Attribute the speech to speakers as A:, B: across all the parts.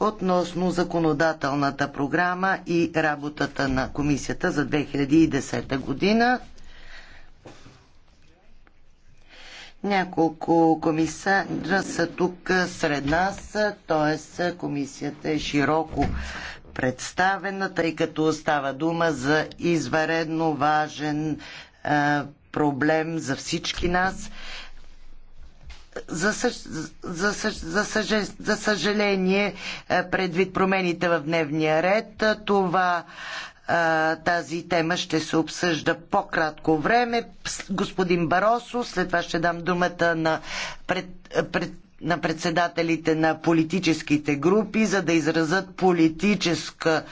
A: относно законодателната програма и работата на комисията за 2010 година. Няколко комисара са тук сред нас, т.е. комисията е широко представена, тъй като става дума за изваредно важен проблем за всички нас за, за, за, за съжаление, е, предвид промените в дневния ред, е, това е, тази тема ще се обсъжда по-кратко време. Господин Баросо, след това ще дам думата на, пред, пред, на председателите на политическите групи, за да изразят политическа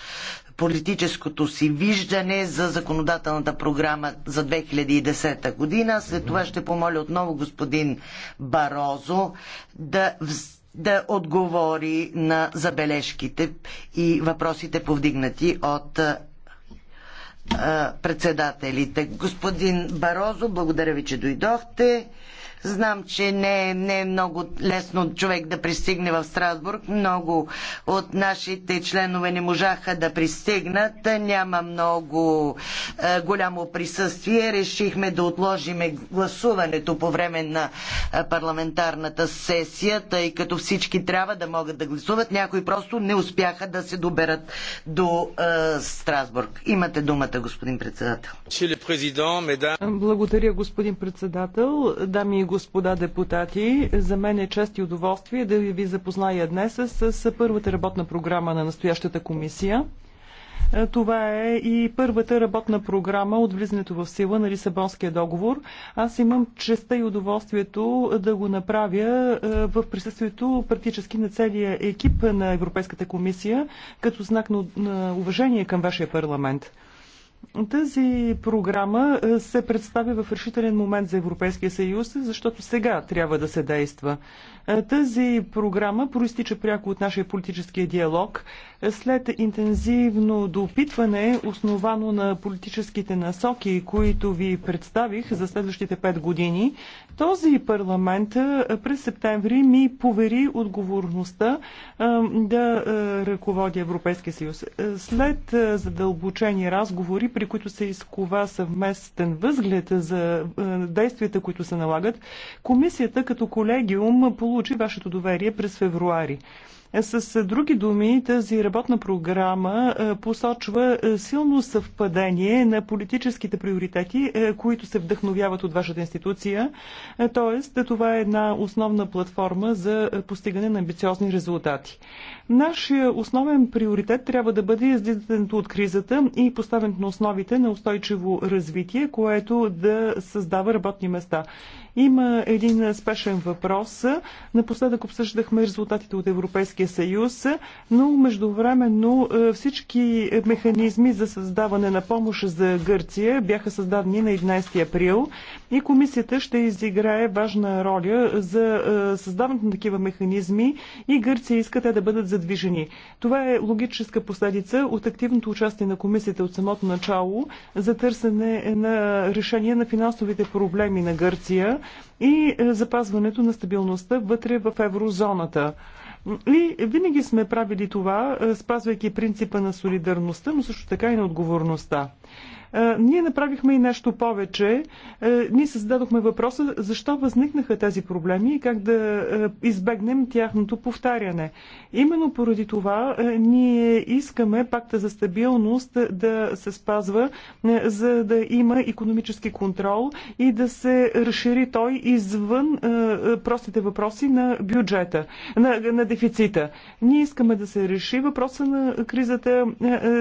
A: политическото си виждане за законодателната програма за 2010 година. След това ще помоля отново господин Барозо да, да отговори на забележките и въпросите повдигнати от председателите. Господин Барозо, благодаря ви, че дойдохте. Знам, че не, е, не е много лесно човек да пристигне в Страсбург. Много от нашите членове не можаха да пристигнат. Няма много е, голямо присъствие. Решихме да отложиме гласуването по време на е, парламентарната сесия, тъй като всички трябва да могат да гласуват. Някои просто не успяха да се доберат до е, Страсбург. Имате думата, господин председател.
B: Благодаря, господин председател. Дами и господин господа депутати, за мен е чест и удоволствие да ви запозная днес с, с първата работна програма на настоящата комисия. Е, това е и първата работна програма от влизането в сила на Лисабонския договор. Аз имам честа и удоволствието да го направя е, в присъствието практически на целия екип на Европейската комисия, като знак на уважение към вашия парламент. Тази програма е, се представи в решителен момент за Европейския съюз, защото сега трябва да се действа. Е, тази програма проистича пряко от нашия политическия диалог. Е, след интензивно допитване, основано на политическите насоки, които ви представих за следващите пет години, този парламент през септември ми повери отговорността да ръководя Европейския съюз. След задълбочени разговори, процедури, при които се изкова съвместен възглед за е, действията, които се налагат, комисията като колегиум получи вашето доверие през февруари. С други думи, тази работна програма е, посочва е, силно съвпадение на политическите приоритети, е, които се вдъхновяват от вашата институция. Тоест, това е една основна платформа за постигане на амбициозни резултати. Нашия основен приоритет трябва да бъде излизането от кризата и поставянето на основите на устойчиво развитие, което да създава работни места. Има един спешен въпрос. Напоследък обсъждахме резултатите от Европейския съюз, но междувременно е, всички механизми за създаване на помощ за Гърция бяха създадени на 11 април и комисията ще изиграе важна роля за е, създаването на такива механизми и Гърция иска те да бъдат задвижени. Това е логическа последица от активното участие на комисията от самото начало за търсене на решение на финансовите проблеми на Гърция и е, запазването на стабилността вътре в еврозоната. И винаги сме правили това, е, спазвайки принципа на солидарността, но също така и на отговорността. Ние направихме и нещо повече. Ние създадохме въпроса защо възникнаха тези проблеми и как да избегнем тяхното повтаряне. Именно поради това ние искаме пакта за стабилност да се спазва, за да има економически контрол и да се разшири той извън простите въпроси на бюджета, на, на дефицита. Ние искаме да се реши въпроса на кризата,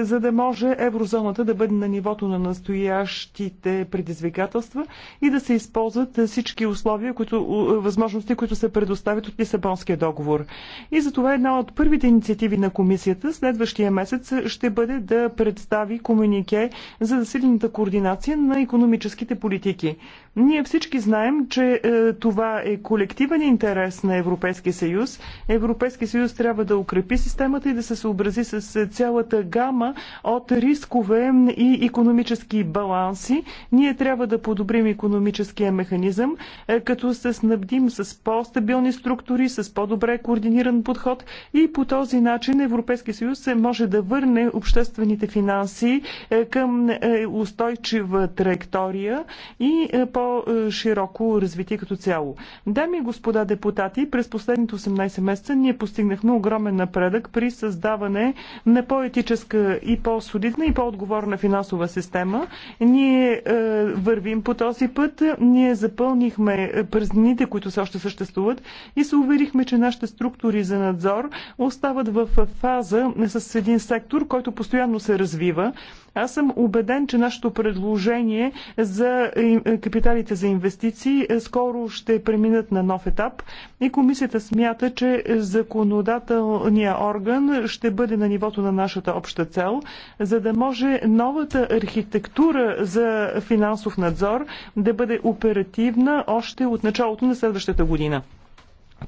B: за да може еврозоната да бъде на нивото на настоящите предизвикателства и да се използват всички условия, които, възможности, които се предоставят от Лисабонския договор. И за това една от първите инициативи на комисията следващия месец ще бъде да представи комунике за засилената координация на економическите политики. Ние всички знаем, че е, това е колективен интерес на Европейския съюз. Европейския съюз трябва да укрепи системата и да се съобрази с е, цялата гама от рискове и економически економически баланси, ние трябва да подобрим економическия механизъм, е, като се снабдим с по-стабилни структури, с по-добре координиран подход и по този начин Европейския съюз може да върне обществените финанси е, към е, устойчива траектория и по-широко развитие като цяло. Дами и господа депутати, през последните 18 месеца ние постигнахме огромен напредък при създаване на по-етическа и по-солидна и по-отговорна финансова система система. Ние е, вървим по този път, ние запълнихме празнините, които се още съществуват и се уверихме, че нашите структури за надзор остават в фаза с един сектор, който постоянно се развива. Аз съм убеден, че нашето предложение за е, капиталите за инвестиции е, скоро ще преминат на нов етап и комисията смята, че законодателният орган ще бъде на нивото на нашата обща цел, за да може новата архитектура за финансов надзор да бъде оперативна още от началото на следващата година.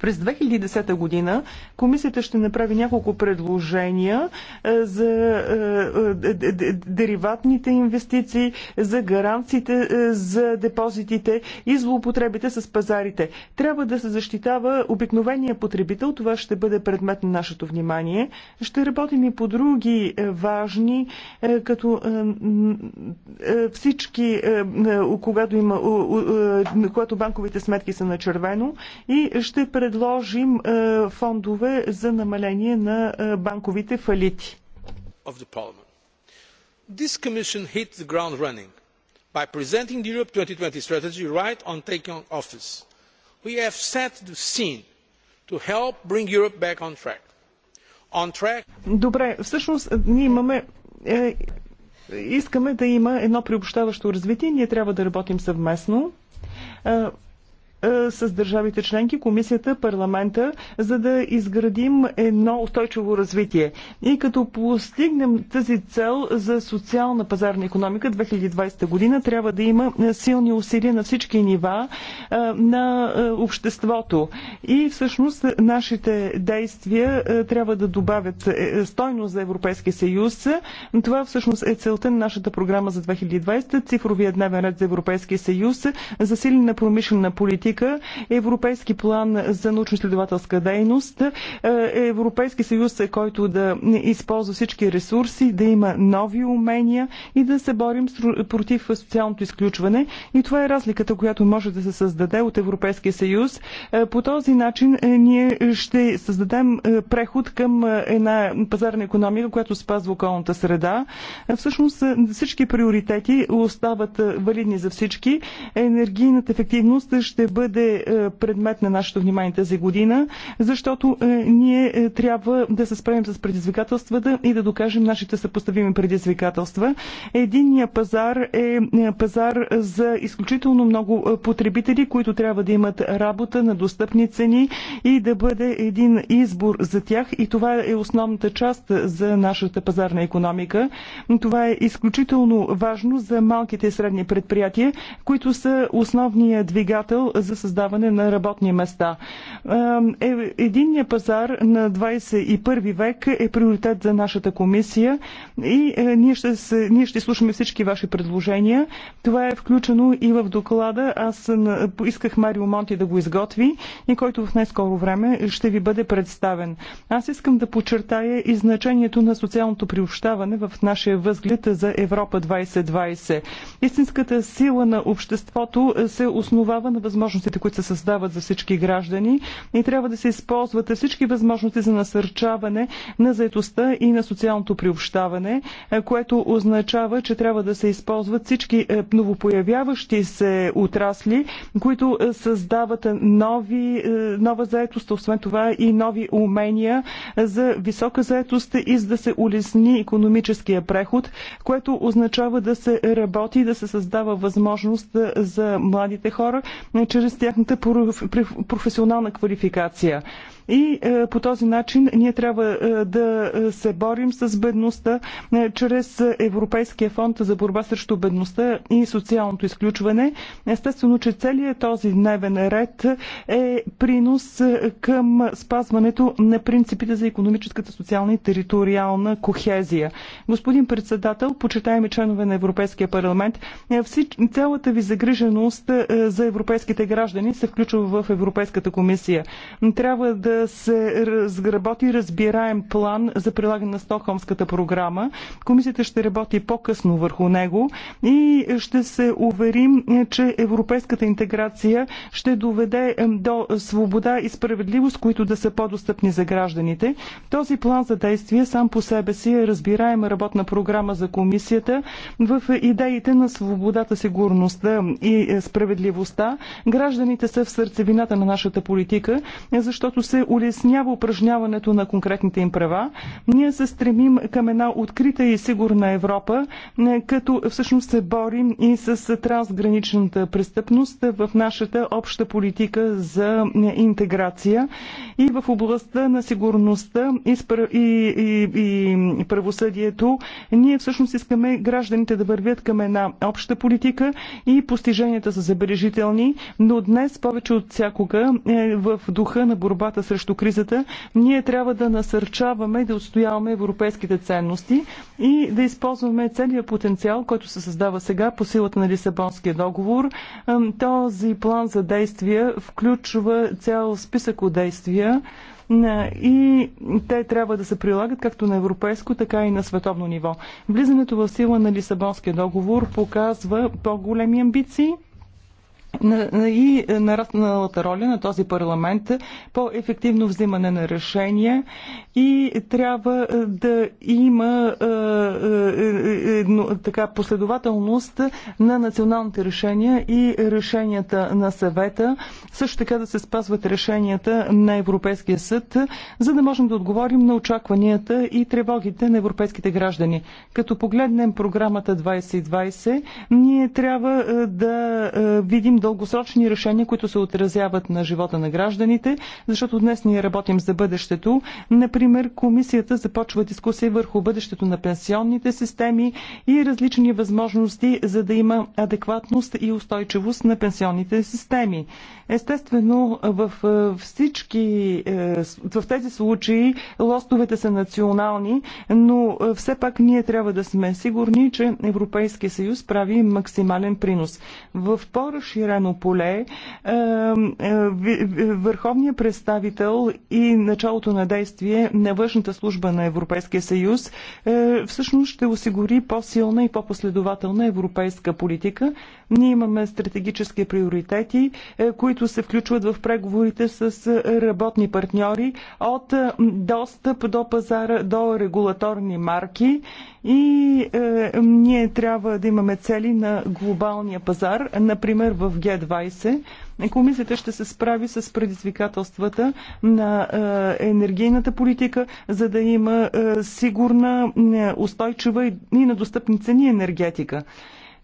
B: През 2010 година комисията ще направи няколко предложения е, за е, е, дериватните инвестиции, за гаранциите, за депозитите и злоупотребите с пазарите. Трябва да се защитава обикновения потребител. Това ще бъде предмет на нашето внимание. Ще работим и по други важни, като всички, когато, има, когато банковите сметки са на червено и ще предложим фондове за намаление на банковите фалити.
C: This commission hit the ground running by presenting the Europe 2020 strategy right on taking office. We have set the scene to help bring Europe back on track. On track.
B: Добре, всъщност ние имаме е, искаме да има едно приобщаващо развитие, ние трябва да работим съвместно. Е, е, с държавите членки, комисията, парламента, за да изградим едно устойчиво развитие. И като постигнем тази цел за социална пазарна економика 2020 година, трябва да има силни усилия на всички нива е, на е, обществото. И всъщност нашите действия трябва да добавят стойност за Европейския съюз. Това всъщност е целта на нашата програма за 2020, цифровия дневен ред за Европейския съюз, засилена промишлена политика политика, Европейски план за научно-изследователска дейност, е, Европейски съюз, който да използва всички ресурси, да има нови умения и да се борим против социалното изключване. И това е разликата, която може да се създаде от Европейския съюз. Е, по този начин е, ние ще създадем преход към една пазарна економика, която спазва околната среда. Всъщност всички приоритети остават валидни за всички. Енергийната ефективност ще бъде бъде е, предмет на нашето внимание тази година, защото е, ние е, трябва да се справим с предизвикателствата и да докажем нашите съпоставими предизвикателства. Единният пазар е пазар за изключително много потребители, които трябва да имат работа на достъпни цени и да бъде един избор за тях. И това е основната част за нашата пазарна економика. Това е изключително важно за малките и средни предприятия, които са основния двигател за създаване на работни места. Е, единният пазар на 21 век е приоритет за нашата комисия и е, ние ще, ние ще слушаме всички ваши предложения. Това е включено и в доклада. Аз поисках Марио Монти да го изготви и който в най-скоро време ще ви бъде представен. Аз искам да подчертая и значението на социалното приобщаване в нашия възглед за Европа 2020. Истинската сила на обществото се основава на възможност възможностите, които се създават за всички граждани и трябва да се използват всички възможности за насърчаване на заетостта и на социалното приобщаване, е, което означава, че трябва да се използват всички е, новопоявяващи се отрасли, които е, създават нови, нова заетост, освен това и нови умения за висока заетост и за да се улесни економическия преход, което означава да се работи и да се създава възможност за младите хора чрез чрез тяхната професионална квалификация. И е, по този начин ние трябва е, да е, се борим с бедността чрез Европейския фонд за борба срещу бедността и социалното изключване. Естествено, че целият този дневен ред е принос към спазването на принципите за економическата, социална и териториална кохезия. Господин председател, почитаеми членове на Европейския парламент, всич... цялата ви загриженост за европейските граждани се включва в Европейската комисия. Трябва да се разработи разбираем план за прилагане на Стокхолмската програма. Комисията ще работи по-късно върху него и ще се уверим, че европейската интеграция ще доведе до свобода и справедливост, които да са по-достъпни за гражданите. Този план за действие сам по себе си е разбираема работна програма за комисията в идеите на свободата, сигурността и е, справедливостта. Гражданите са в сърцевината на нашата политика, защото се улеснява упражняването на конкретните им права. Ние се стремим към една открита и сигурна Европа, е, като всъщност се борим и с трансграничната престъпност в нашата обща политика за е, интеграция и в областта на сигурността и, и, и, и правосъдието. Ние всъщност искаме гражданите да вървят към една обща политика и постиженията са забележителни, но днес повече от всякога е, в духа на борбата срещу кризата, ние трябва да насърчаваме и да отстояваме европейските ценности и да използваме целият потенциал, който се създава сега по силата на Лисабонския договор. Този план за действия включва цял списък от действия, и те трябва да се прилагат както на европейско, така и на световно ниво. Влизането в сила на Лисабонския договор показва по-големи амбиции, и нарасналата роля на този парламент по ефективно взимане на решения и трябва е, да има е, е, така последователност на националните решения и решенията на съвета, също така да се спазват решенията на Европейския съд, за да можем да отговорим на очакванията и тревогите на европейските граждани. Като погледнем програмата 2020, ние трябва да видим дългосрочни решения, които се отразяват на живота на гражданите, защото днес ние работим за бъдещето. Например, комисията започва дискусия върху бъдещето на пенсионните системи и различни възможности, за да има адекватност и устойчивост на пенсионните системи. Естествено, в е, всички, е, в тези случаи лостовете са национални, но е, все пак ние трябва да сме сигурни, че Европейския съюз прави максимален принос. В по-разширен зелено поле. Е, е, върховният представител и началото на действие на външната служба на Европейския съюз е, всъщност ще осигури по-силна и по-последователна европейска политика. Ние имаме стратегически приоритети, които се включват в преговорите с работни партньори от достъп до пазара, до регулаторни марки и е, ние трябва да имаме цели на глобалния пазар, например в Г20. Комисията ще се справи с предизвикателствата на е, енергийната политика, за да има е, сигурна, е, устойчива и, и на достъпни цени енергетика.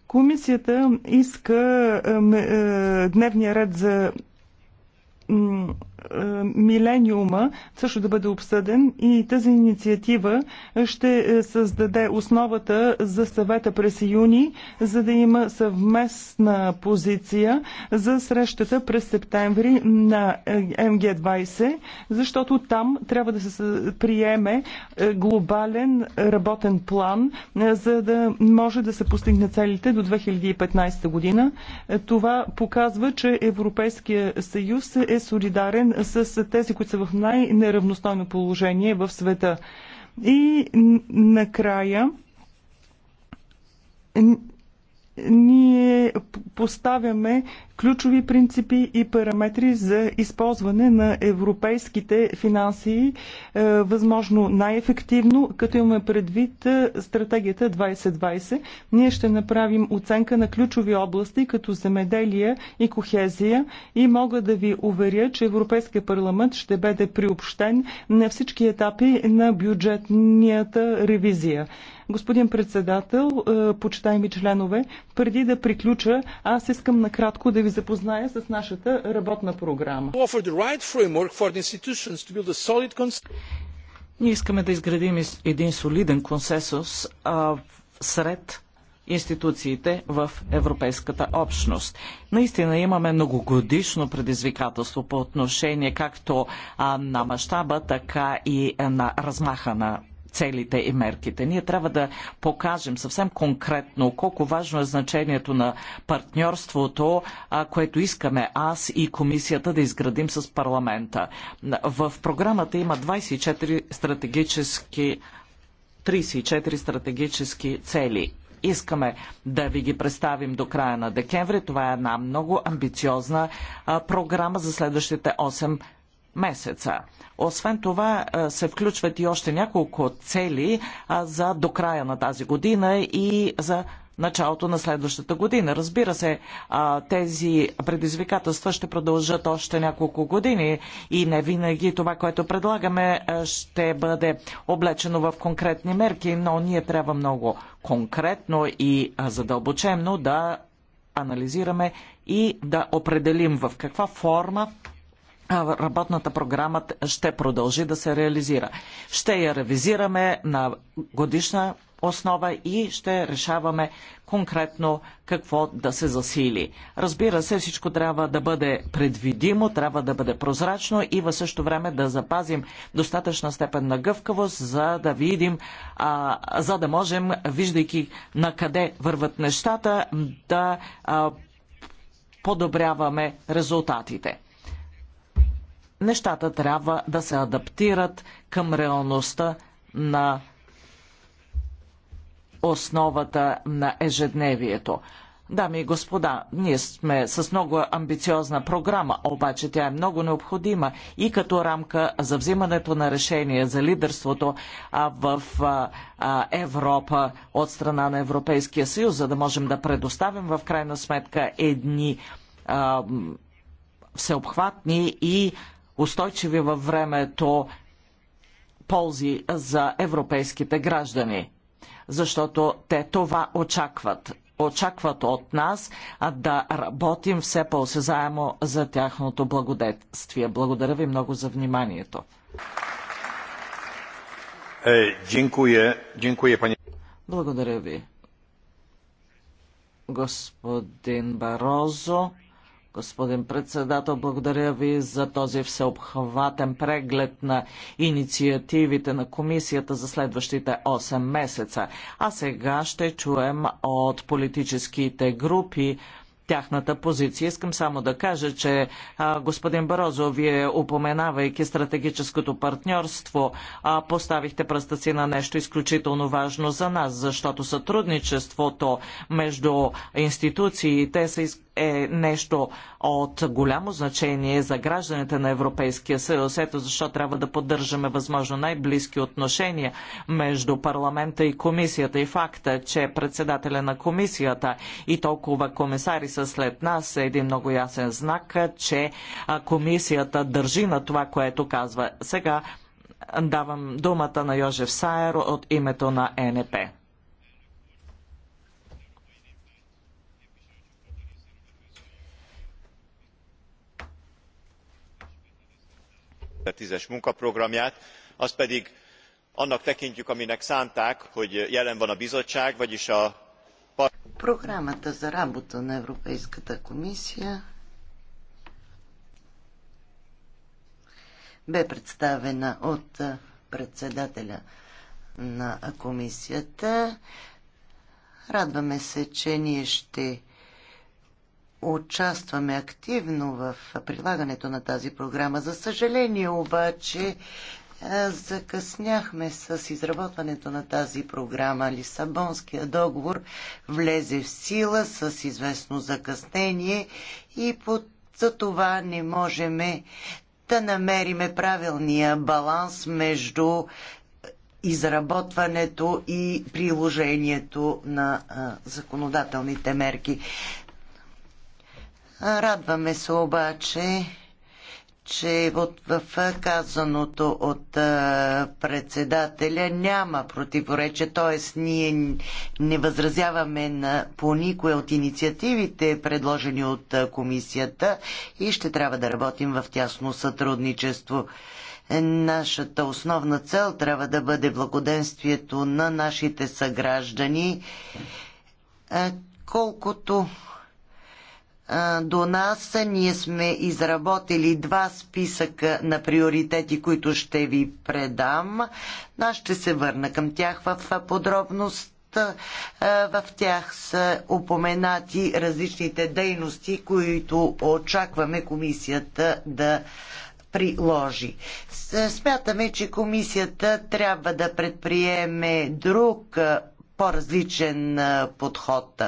B: Комисията иска е, е, дневния ред за милениума също да бъде обсъден и тази инициатива ще е, създаде основата за съвета през юни, за да има съвместна позиция за срещата през септември на е, МГ-20, защото там трябва да се приеме е, глобален работен план, за да може да се постигне целите до 2015 година. Това показва, че Европейския съюз е солидарен с тези, които са в най-неравностойно положение в света. И накрая ние поставяме ключови принципи и параметри за използване на европейските финанси е, възможно най-ефективно, като имаме предвид е, стратегията 2020. Ние ще направим оценка на ключови области, като земеделие и кохезия и мога да ви уверя, че Европейския парламент ще бъде приобщен на всички етапи на бюджетнията ревизия. Господин председател, е, почитаеми членове, преди да приключа, аз искам накратко да ви запозная с нашата работна програма. Ние искаме да изградим
C: един солиден консенсус а, сред институциите в Европейската общност. Наистина имаме многогодишно предизвикателство по отношение както а, на мащаба, така и на размаха на целите и мерките. Ние трябва да покажем съвсем конкретно колко важно е значението на партньорството, което искаме аз и комисията да изградим с парламента. В програмата има 24 стратегически 34 стратегически цели искаме да ви ги представим до края на декември. Това е една много амбициозна а, програма за следващите 8 месеца. Освен това е, се включват и още няколко цели за до края на тази година и за началото на следващата година. Разбира се, тези предизвикателства ще продължат още няколко години и не винаги това, което предлагаме, е, ще бъде облечено в конкретни мерки, но ние трябва много конкретно и задълбочено да анализираме и да определим в каква форма работната програма ще продължи да се реализира. Ще я ревизираме на годишна основа и ще решаваме конкретно какво да се засили. Разбира се, всичко трябва да бъде предвидимо, трябва да бъде прозрачно и в същото време да запазим достатъчна степен на гъвкавост, за да видим, а, за да можем, виждайки на къде върват нещата, да а, подобряваме резултатите нещата трябва да се адаптират към реалността на основата на ежедневието. Дами и господа, ние сме с много амбициозна програма, обаче тя е много необходима и като рамка за взимането на решение за лидерството в Европа от страна на Европейския съюз, за да можем да предоставим в крайна сметка едни всеобхватни и устойчиви във времето ползи за европейските граждани, защото те това очакват. Очакват от нас да работим все по-осезаемо за тяхното благодетствие. Благодаря ви много за вниманието.
B: Е,
C: Благодаря ви. Господин Барозо господин председател. Благодаря ви за този всеобхватен преглед на инициативите на комисията за следващите 8 месеца. А сега ще чуем от политическите групи тяхната позиция. Искам само да кажа, че а, господин Барозо, вие упоменавайки стратегическото партньорство, а, поставихте пръста си на нещо изключително важно за нас, защото сътрудничеството между институциите са е нещо от голямо значение за гражданите на Европейския съюз. Ето защо трябва да поддържаме възможно най-близки отношения между парламента и комисията. И факта, че председателя на комисията и толкова комисари са след нас е един много ясен знак, че комисията държи на това, което казва. Сега давам думата на Йожев Саер от името на НП.
B: thousand and ten es munkaprogramját azt pedig annak tekintjük aminek szánták hogy jelen van a bizottság vagyis a
A: бе представена от председателя на комисията. Радваме се, че ние ще участваме активно в прилагането на тази програма. За съжаление обаче е, закъсняхме с изработването на тази програма. Лисабонския договор влезе в сила с известно закъснение и под за това не можем да намериме правилния баланс между изработването и приложението на законодателните мерки. Радваме се обаче, че от, в казаното от председателя няма противоречие, т.е. ние не възразяваме на, по никое от инициативите, предложени от комисията и ще трябва да работим в тясно сътрудничество. Нашата основна цел трябва да бъде благоденствието на нашите съграждани, колкото до нас. Ние сме изработили два списъка на приоритети, които ще ви предам. Аз ще се върна към тях в подробност. В тях са упоменати различните дейности, които очакваме комисията да приложи. Смятаме, че комисията трябва да предприеме друг по-различен подход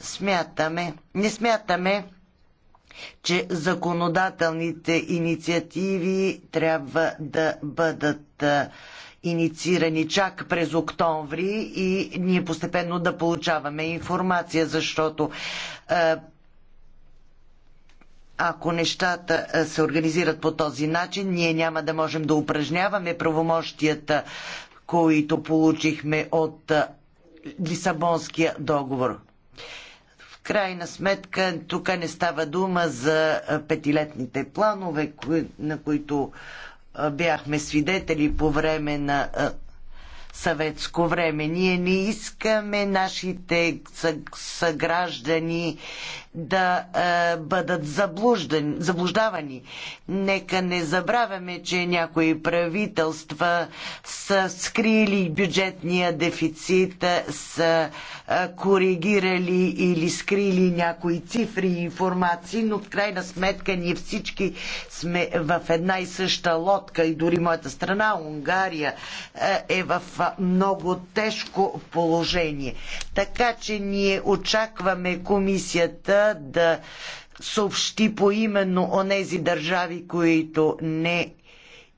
A: смятаме, не смятаме, че законодателните инициативи трябва да бъдат инициирани чак през октомври и ние постепенно да получаваме информация, защото ако нещата се организират по този начин, ние няма да можем да упражняваме правомощията, които получихме от Лисабонския договор крайна сметка тук не става дума за петилетните планове, на които бяхме свидетели по време на съветско време. Ние не искаме нашите съграждани да е, бъдат заблуждавани. Нека не забравяме, че някои правителства са скрили бюджетния дефицит, е, са е, коригирали или скрили някои цифри и информации, но в крайна сметка ние всички сме в една и съща лодка и дори моята страна, Унгария, е, е в много тежко положение. Така че ние очакваме комисията да съобщи поименно онези държави, които не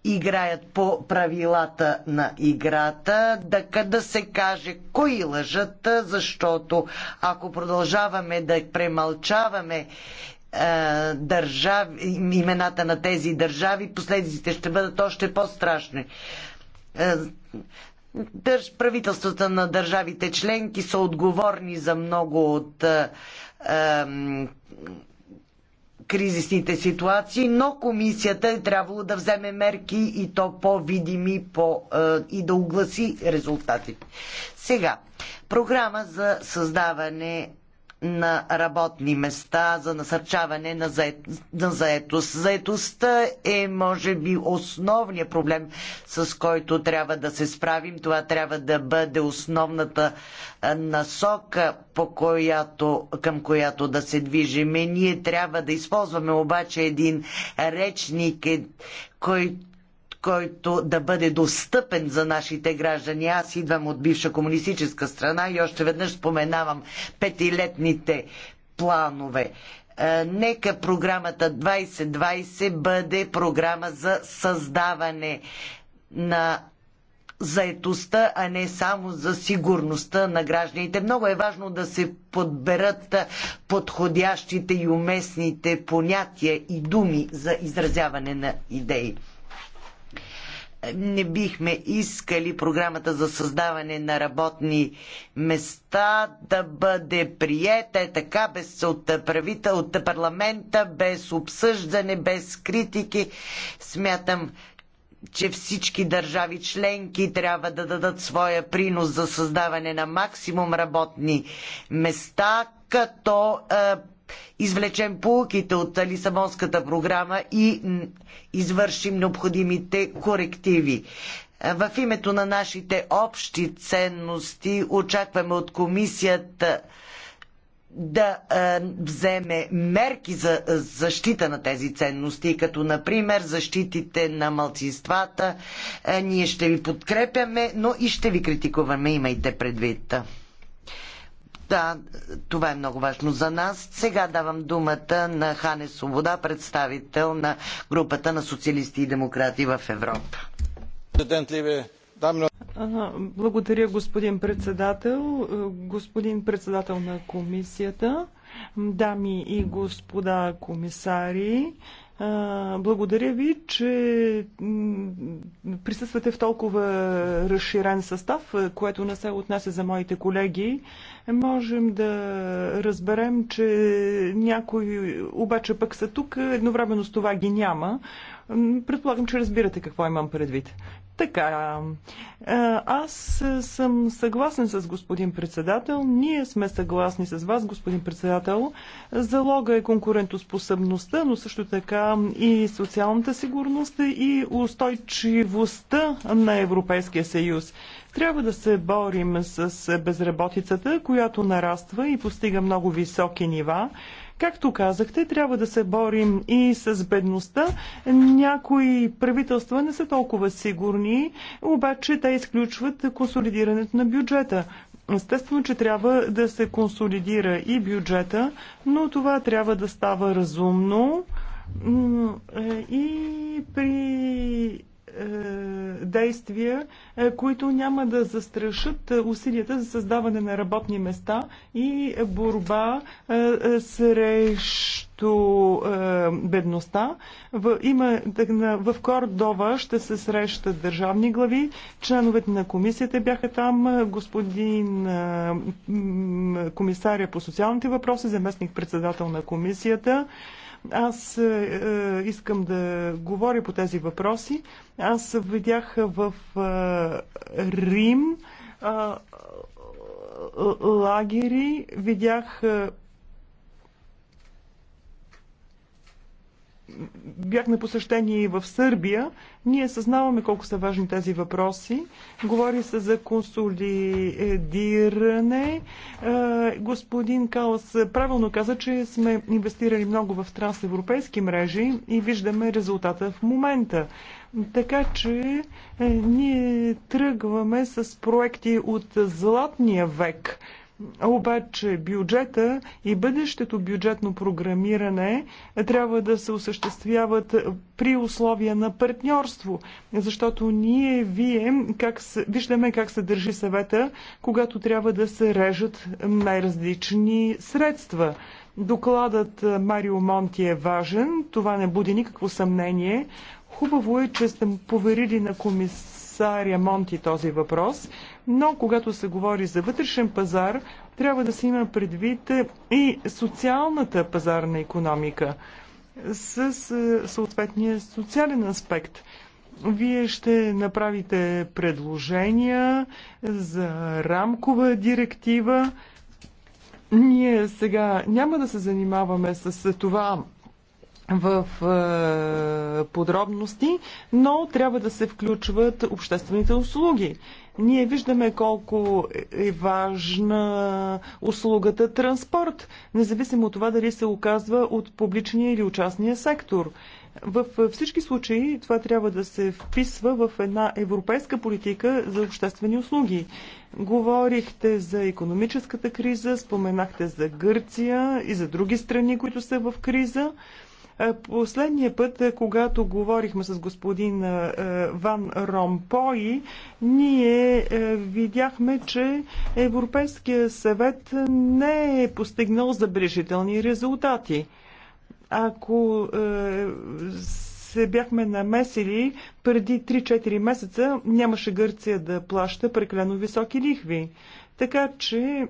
A: играят по правилата на играта, да, да се каже кои лъжат, защото ако продължаваме да премълчаваме е, държави, имената на тези държави, последиците ще бъдат още по-страшни. Е, правителствата на държавите членки са отговорни за много от е, кризисните ситуации, но комисията е трябвало да вземе мерки и то по-видими по, и да огласи резултатите. Сега, програма за създаване на работни места, за насърчаване на, заед... на заетост. Заетостта е, може би, основният проблем, с който трябва да се справим. Това трябва да бъде основната насока, по която, към която да се движиме. Ние трябва да използваме обаче един речник, е, който който да бъде достъпен за нашите граждани. Аз идвам от бивша комунистическа страна и още веднъж споменавам петилетните планове. Е, нека програмата 2020 бъде програма за създаване на заетостта, а не само за сигурността на гражданите. Много е важно да се подберат подходящите и уместните понятия и думи за изразяване на идеи не бихме искали програмата за създаване на работни места да бъде приета е така без от, правител, от парламента, без обсъждане, без критики. Смятам, че всички държави членки трябва да дадат своя принос за създаване на максимум работни места, като е, извлечем полуките от Лисабонската програма и извършим необходимите корективи. Е, в името на нашите общи ценности очакваме от комисията да е, вземе мерки за е, защита на тези ценности, като например защитите на малцинствата. ние ще ви подкрепяме, но и ще ви критикуваме, имайте предвид. Да, това е много важно за нас. Сега давам думата на Хане Свобода, представител на групата на социалисти и демократи в Европа.
B: Благодаря, господин председател, господин председател на комисията, дами и господа комисари. Благодаря ви, че присъствате в толкова разширен състав, което не се отнася за моите колеги. Можем да разберем, че някои обаче пък са тук, едновременно с това ги няма. Предполагам, че разбирате какво имам предвид. Така, аз съм съгласен с господин председател. Ние сме съгласни с вас, господин председател. Залога е конкурентоспособността, но също така и социалната сигурност и устойчивостта на Европейския съюз. Трябва да се борим с безработицата, която нараства и постига много високи нива. Както казахте, трябва да се борим и с бедността. Някои правителства не са толкова сигурни, обаче те изключват консолидирането на бюджета. Естествено, че трябва да се консолидира и бюджета, но това трябва да става разумно е, и при е, действия, е, които няма да застрашат усилията за създаване на работни места и борба е, срещу бедността. Има, в Кордова ще се срещат държавни глави. Членовете на комисията бяха там. Господин комисаря по социалните въпроси, заместник председател на комисията. Аз е, е, искам да говоря по тези въпроси. Аз видях в е, Рим е, лагери, видях е, бяхме посещени в Сърбия. Ние съзнаваме колко са важни тези въпроси. Говори се за консолидиране. Е, господин Калас правилно каза, че сме инвестирали много в трансевропейски мрежи и виждаме резултата в момента. Така че е, ние тръгваме с проекти от Златния век – обаче бюджета и бъдещето бюджетно програмиране трябва да се осъществяват при условия на партньорство, защото ние вие как се, виждаме как се държи съвета, когато трябва да се режат най-различни средства. Докладът Марио Монти е важен, това не буди никакво съмнение. Хубаво е, че сте поверили на комисията комисаря Монти този въпрос, но когато се говори за вътрешен пазар, трябва да се има предвид и социалната пазарна економика с е, съответния социален аспект. Вие ще направите предложения за рамкова директива. Ние сега няма да се занимаваме с това в е, подробности, но трябва да се включват обществените услуги. Ние виждаме колко е, е важна услугата транспорт, независимо от това дали се оказва от публичния или частния сектор. В е, всички случаи това трябва да се вписва в една европейска политика за обществени услуги. Говорихте за економическата криза, споменахте за Гърция и за други страни, които са в криза. Последния път, е, когато говорихме с господин е, е, Ван Ромпой, ние видяхме, че Европейския съвет не е постигнал забележителни резултати. Ако се бяхме намесили преди 3-4 месеца, нямаше Гърция да плаща прекалено високи лихви. Така че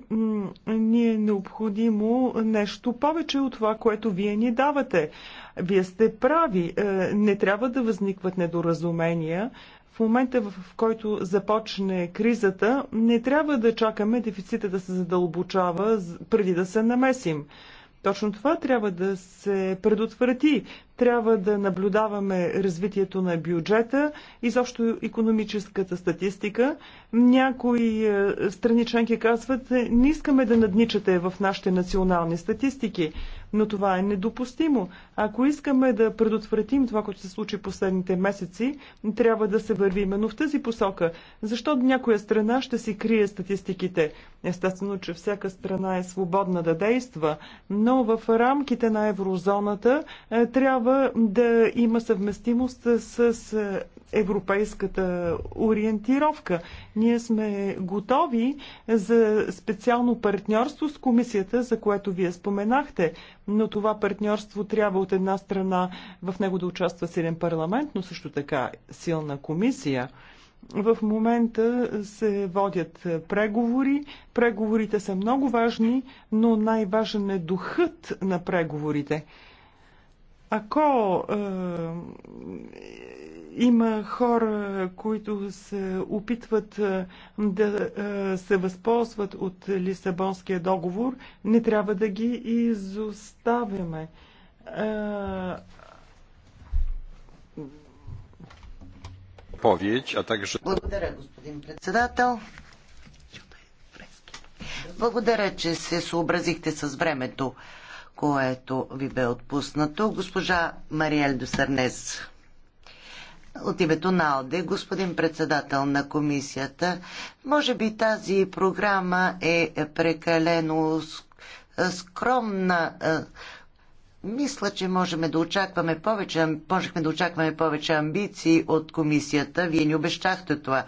B: ни е необходимо нещо повече от това, което вие ни давате. Вие сте прави. Е, не трябва да възникват недоразумения. В момента, в който започне кризата, не трябва да чакаме дефицита да се задълбочава преди да се намесим. Точно това трябва да се предотврати. Трябва да наблюдаваме развитието на бюджета и защо економическата статистика. Някои е, страни членки казват, не искаме да надничате в нашите национални статистики, но това е недопустимо. Ако искаме да предотвратим това, което се случи последните месеци, трябва да се върви именно в тази посока. Защо някоя страна ще си крие статистиките? Естествено, че всяка страна е свободна да действа, но в рамките на еврозоната е, трябва трябва да има съвместимост с европейската ориентировка. Ние сме готови за специално партньорство с комисията, за което вие споменахте. Но това партньорство трябва от една страна в него да участва силен парламент, но също така силна комисия. В момента се водят преговори. Преговорите са много важни, но най-важен е духът на преговорите. Ако е, има хора, които се опитват е, да е, се възползват от Лисабонския договор, не трябва да ги изоставяме. Е, Повеч, а также...
A: Благодаря, господин
B: председател.
A: Благодаря, че се съобразихте с времето което ви бе отпуснато. Госпожа Мариел Досърнес. От името на ОДЕ, господин председател на комисията, може би тази програма е прекалено скромна мисля, че можем да очакваме повече, можехме да очакваме повече амбиции от комисията. Вие ни обещахте това.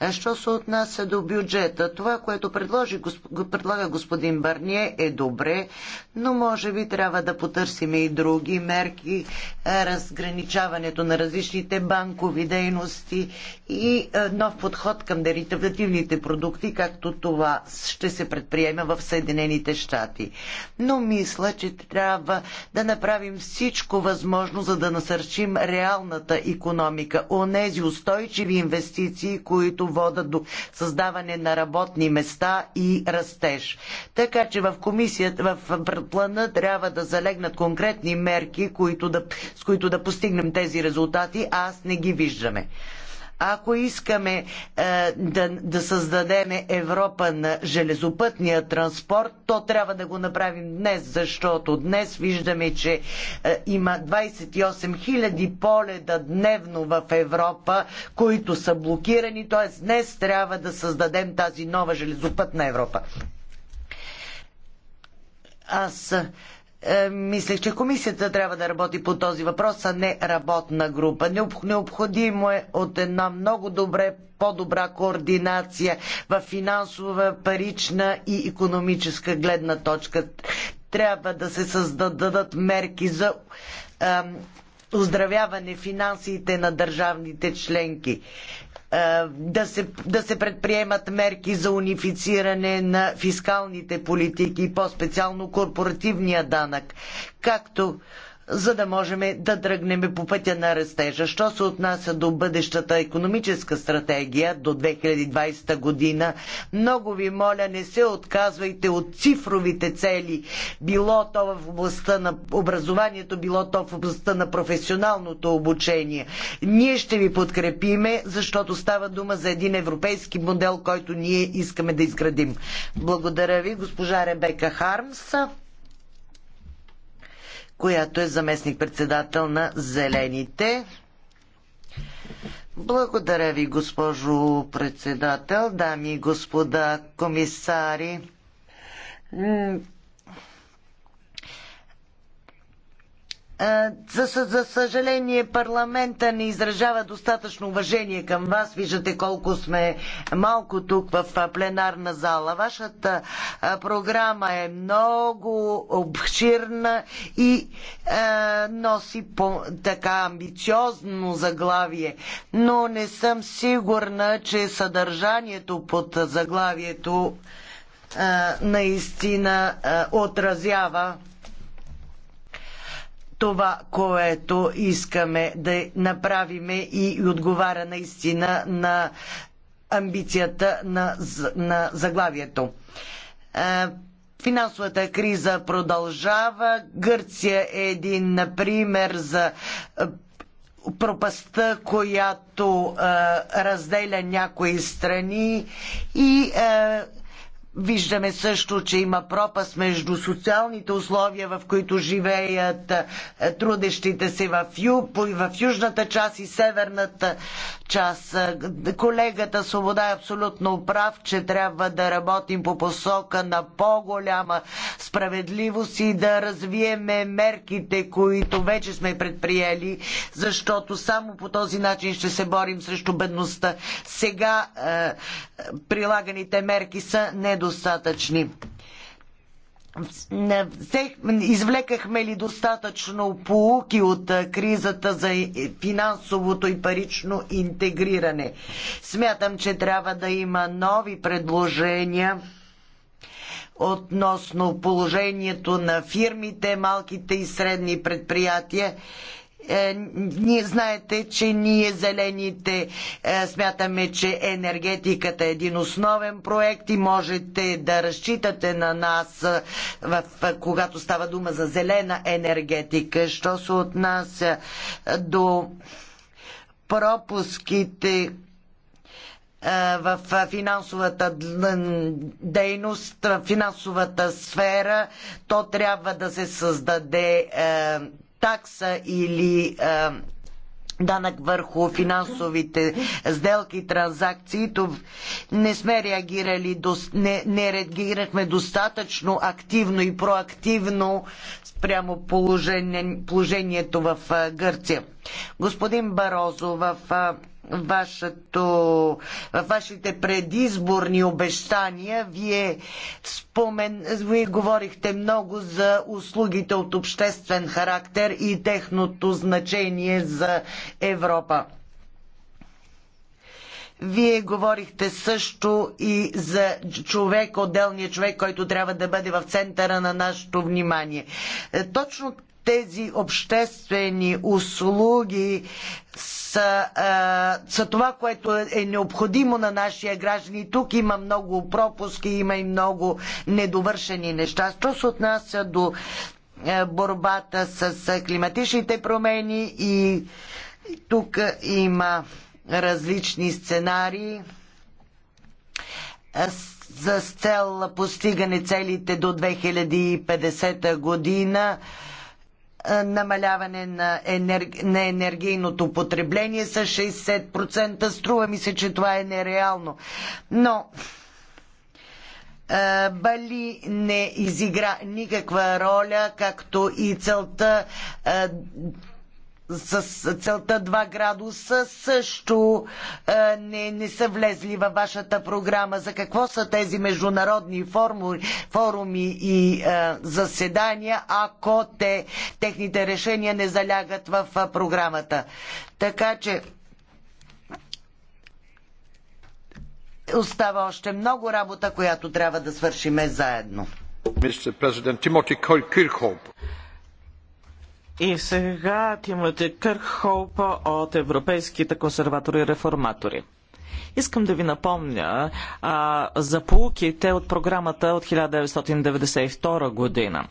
A: А що се отнася до бюджета? Това, което предложи, госп... предлага господин Барние е добре, но може би трябва да потърсим и други мерки, разграничаването на различните банкови дейности и нов подход към деритативните продукти, както това ще се предприема в Съединените щати. Но мисля, че трябва да направим всичко възможно, за да насърчим реалната економика, онези устойчиви инвестиции, които водат до създаване на работни места и растеж. Така че в комисията, в плана трябва да залегнат конкретни мерки, които да, с които да постигнем тези резултати, а аз не ги виждаме. Ако искаме е, да, да създадем Европа на железопътния транспорт, то трябва да го направим днес, защото днес виждаме, че е, има 28 000 полета дневно в Европа, които са блокирани, т.е. днес трябва да създадем тази нова железопътна Европа. Аз е, мислех, че комисията трябва да работи по този въпрос, а не работна група. Необходимо е от една много добре, по-добра координация в финансова, парична и економическа гледна точка. Трябва да се създадат мерки за оздравяване финансите на държавните членки. Е, да се, да се предприемат мерки за унифициране на фискалните политики, по-специално корпоративния данък, както за да можем да тръгнем по пътя на растежа. Що се отнася до бъдещата економическа стратегия до 2020 година, много ви моля, не се отказвайте от цифровите цели, било то в областта на образованието, било то в областта на професионалното обучение. Ние ще ви подкрепиме, защото става дума за един европейски модел, който ние искаме да изградим. Благодаря ви, госпожа Ребека Хармс която е заместник-председател на Зелените. Благодаря ви, госпожо председател, дами и господа комисари. Е, за, за съжаление, парламента не изражава достатъчно уважение към вас. Виждате колко сме малко тук в пленарна зала. Вашата програма е много обширна и е, носи по, така амбициозно заглавие. Но не съм сигурна, че съдържанието под заглавието е, наистина е, отразява това, което искаме да направиме и отговаря наистина на амбицията на, на заглавието. Е, финансовата криза продължава. Гърция е един пример за е, пропаста, която е, разделя някои страни и Виждаме също, че има пропаст между социалните условия, в които живеят е, трудещите се в, ю, в южната част и северната част. Е, колегата Свобода е абсолютно прав, че трябва да работим по посока на по-голяма справедливост и да развиеме мерките, които вече сме предприели, защото само по този начин ще се борим срещу бедността. Сега е, прилаганите мерки са недостатъчни достатъчни? извлекахме ли достатъчно поуки от кризата за финансовото и парично интегриране? Смятам, че трябва да има нови предложения относно положението на фирмите, малките и средни предприятия е, ние знаете, че ние зелените е, смятаме, че енергетиката е един основен проект и можете да разчитате на нас, е, в, когато става дума за зелена енергетика. Що се отнася до пропуските в финансовата дейност, в финансовата сфера, то трябва да се създаде такса или а, данък върху финансовите сделки, и транзакции. Не сме реагирали, не, не реагирахме достатъчно активно и проактивно спрямо положение, положението в Гърция. Господин Барозо, в вашето, вашите предизборни обещания вие, спомен, вие говорихте много за услугите от обществен характер и техното значение за Европа. Вие говорихте също и за човек, отделния човек, който трябва да бъде в центъра на нашето внимание. Точно тези обществени услуги са, а, са това, което е необходимо на нашия граждани. Тук има много пропуски, има и много недовършени неща. Що се отнася до борбата с климатичните промени и тук има различни сценарии за с цел постигане целите до 2050 година. Е, намаляване на, на енергийното потребление с 60%. Струва ми се, че това е нереално. Но е, Бали не изигра никаква роля, както и целта е, с целта 2 градуса също е, не, не са влезли във вашата програма. За какво са тези международни форму, форуми и е, заседания, ако те, техните решения не залягат в е, програмата? Така че остава още много работа, която трябва да свършиме заедно. Мистер Президент Тимоти Кирхоп. И сега Тимоти Кърхолпа от
C: Европейските консерватори и реформатори. Искам да ви напомня а, за полуките от програмата от 1992 година.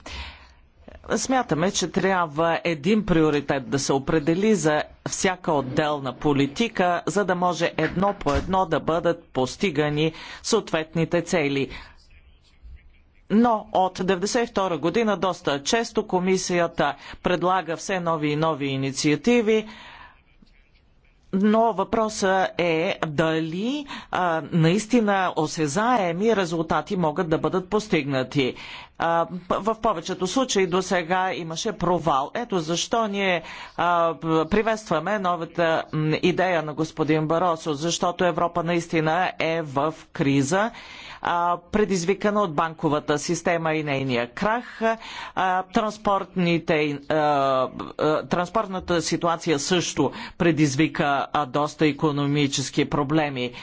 C: Смятаме, че трябва един приоритет да се определи за всяка отделна политика, за да може едно по едно да бъдат постигани съответните цели но от 1992 година доста често комисията предлага все нови и нови инициативи, но въпросът е дали а, наистина осезаеми резултати могат да бъдат постигнати. А, в повечето случаи до сега имаше провал. Ето защо ние а, приветстваме новата идея на господин Баросо, защото Европа наистина е в криза предизвикана от банковата система и нейния крах. транспортната ситуация също предизвика доста економически проблеми.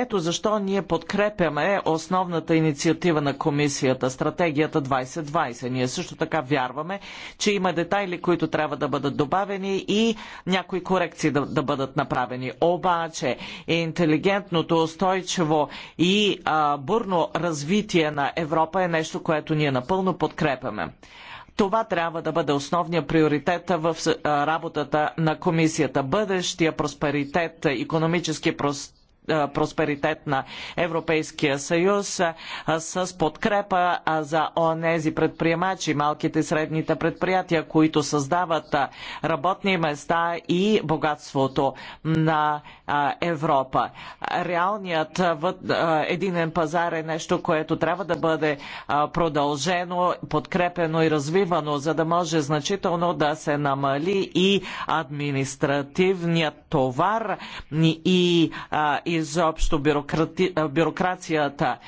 C: Ето защо ние подкрепяме основната инициатива на комисията, стратегията 2020. Ние също така вярваме, че има детайли, които трябва да бъдат добавени и някои корекции да, да бъдат направени. Обаче интелигентното, устойчиво и а, бурно развитие на Европа е нещо, което ние напълно подкрепяме. Това трябва да бъде основният приоритет в работата на комисията. Бъдещия просперитет, економически просперитет е, просперитет на Европейския съюз е, с подкрепа е, за онези предприемачи, малките и средните предприятия, които създават работни места и богатството на Европа. Реалният единен пазар е нещо, което трябва да бъде продължено, подкрепено и развивано, за да може значително да се намали и административният товар и, и изобщо бюрократи... бюрокрацията,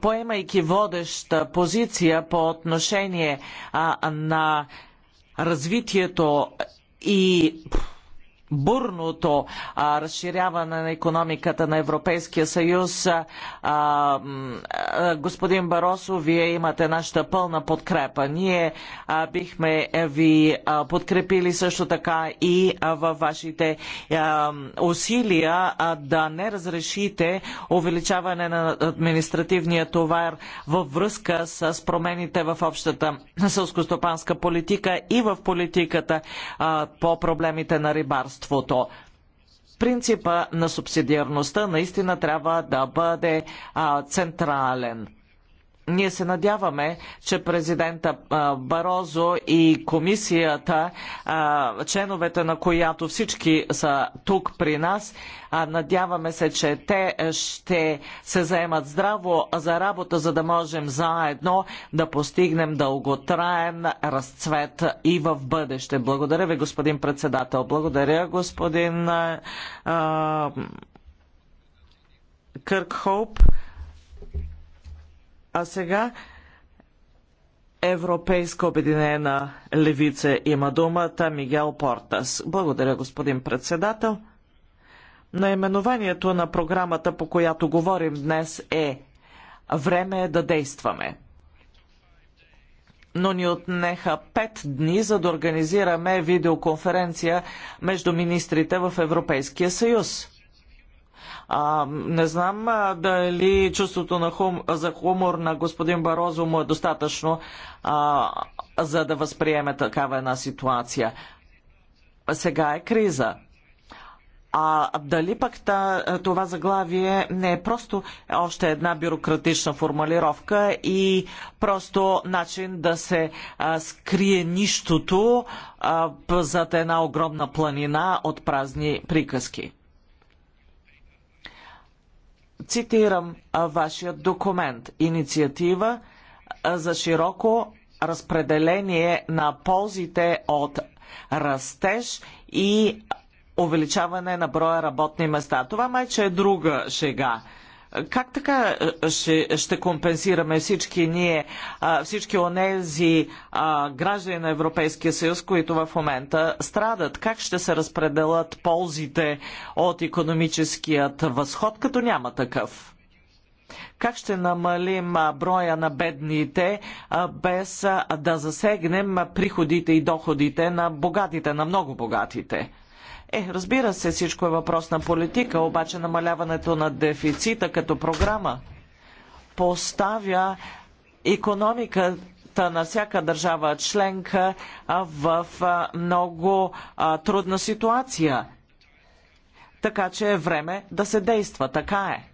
C: поемайки водеща позиция по отношение а, на развитието и бурното а, разширяване на економиката на Европейския съюз, а, а, господин Баросо, вие имате нашата пълна подкрепа. Ние а, бихме ви а, подкрепили също така и а, във вашите а, усилия а, да не разрешите увеличаване на административния товар във връзка с промените в общата сълскостопанска политика и в политиката а, по проблемите на рибарството пространството. Принципа на субсидиарността наистина трябва да бъде а, централен ние се надяваме, че президента Барозо и комисията, членовете на която всички са тук при нас, надяваме се, че те ще се заемат здраво за работа, за да можем заедно да постигнем дълготраен разцвет и в бъдеще. Благодаря ви, господин председател. Благодаря, господин Кърк Хоуп. А сега Европейска обединена левица има думата Мигел Портас. Благодаря, господин председател. Наименованието на програмата, по която говорим днес е Време е да действаме. Но ни отнеха пет дни, за да организираме видеоконференция между министрите в Европейския съюз. А, не знам а, дали чувството на хум, за хумор на господин Барозо му е достатъчно, а, за да възприеме такава една ситуация. Сега е криза. А дали пък та, това заглавие не е просто още една бюрократична формулировка и просто начин да се а, скрие нищото а, зад една огромна планина от празни приказки? цитирам вашия документ. Инициатива за широко разпределение на ползите от растеж и увеличаване на броя работни места. Това майче е друга шега. Как така ще, ще компенсираме всички ние, всички онези граждани на Европейския съюз, които в момента страдат? Как ще се разпределят ползите от економическият възход, като няма такъв? Как ще намалим броя на бедните, без да засегнем приходите и доходите на богатите, на много богатите? Е, разбира се, всичко е въпрос на политика, обаче намаляването на дефицита като програма поставя економиката на всяка държава членка в много трудна ситуация. Така че е време да се действа. Така е.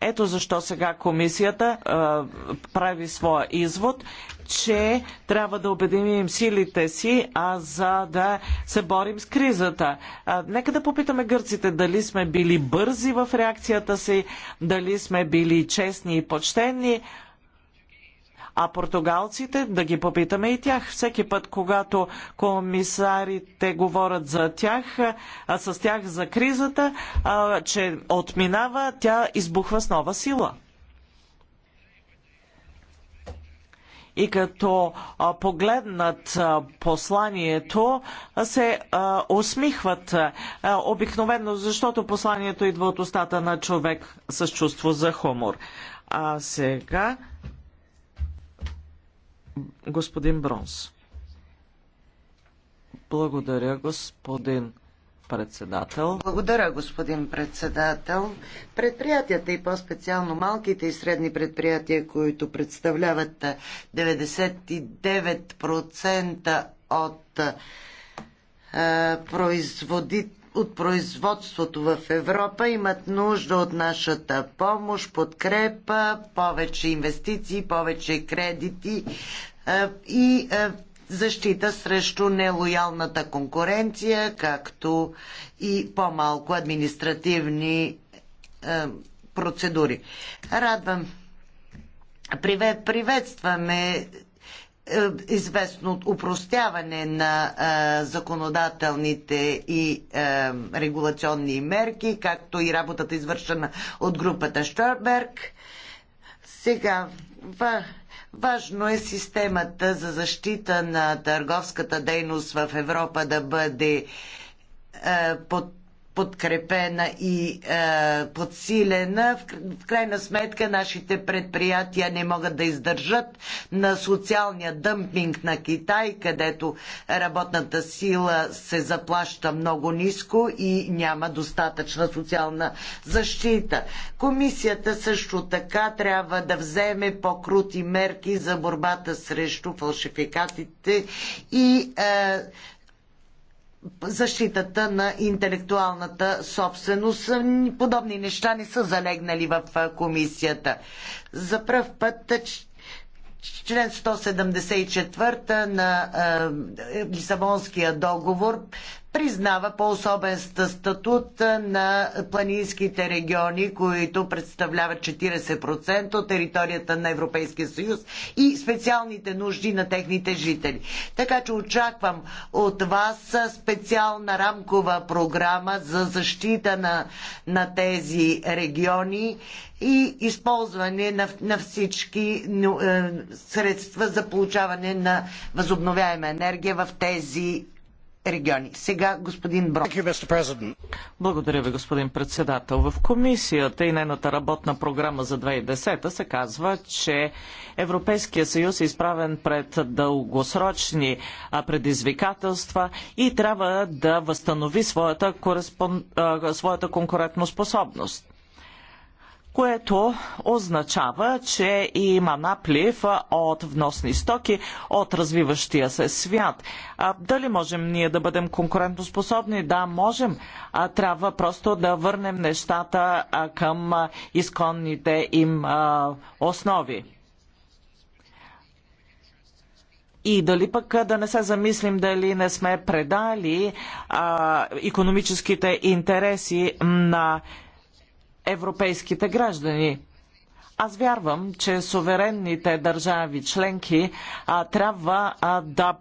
C: Ето защо сега комисията а, прави своя извод, че трябва да обединим силите си, а за да се борим с кризата. А, нека да попитаме гърците дали сме били бързи в реакцията си, дали сме били честни и почтени. А португалците, да ги попитаме и тях. Всеки път, когато комисарите говорят за тях, а с тях за кризата, а, че отминава, тя избухва с нова сила. и като погледнат посланието, се усмихват обикновено, защото посланието идва от устата на човек с чувство за хумор. А сега Господин Бронс.
A: Благодаря, господин председател. Благодаря, господин председател. Предприятията и по-специално малките и средни предприятия, които представляват 99% от е, производителите, от производството в Европа имат нужда от нашата помощ, подкрепа, повече инвестиции, повече кредити е, и е, защита срещу нелоялната конкуренция, както и по-малко административни е, процедури. Радвам. Приветстваме е, известно упростяване на а, е, законодателните и а, е, регулационни мерки, както и работата извършена от групата Штърберг. Сега, ва, важно е системата за защита на търговската дейност в Европа да бъде а, под подкрепена и е, подсилена. В, в крайна сметка нашите предприятия не могат да издържат на социалния дъмпинг на Китай, където работната сила се заплаща много ниско и няма достатъчна социална защита. Комисията също така трябва да вземе по-крути мерки за борбата срещу фалшификатите и е, защитата на интелектуалната собственост. Подобни неща не са залегнали в комисията. За пръв път член 174 на Лисабонския договор признава по-особен статут на планинските региони, които представляват 40% от територията на Европейския съюз и специалните нужди на техните жители. Така че очаквам от вас специална рамкова програма за защита на, на тези региони и използване на, на всички е, средства за получаване на възобновяема енергия в тези региони. Сега господин
C: Благодаря ви, господин председател. В комисията и нейната работна програма за 2010 се казва, че Европейския съюз е изправен пред дългосрочни предизвикателства и трябва да възстанови своята, корреспон... своята конкурентоспособност което означава, че има наплив от вносни стоки от развиващия се свят. А, дали можем ние да бъдем конкурентоспособни? Да, можем. А, трябва просто да върнем нещата а, към а, изконните им а, основи. И дали пък да не се замислим дали не сме предали а, економическите интереси на европейските граждани. Аз вярвам, че суверенните държави членки а, трябва а, да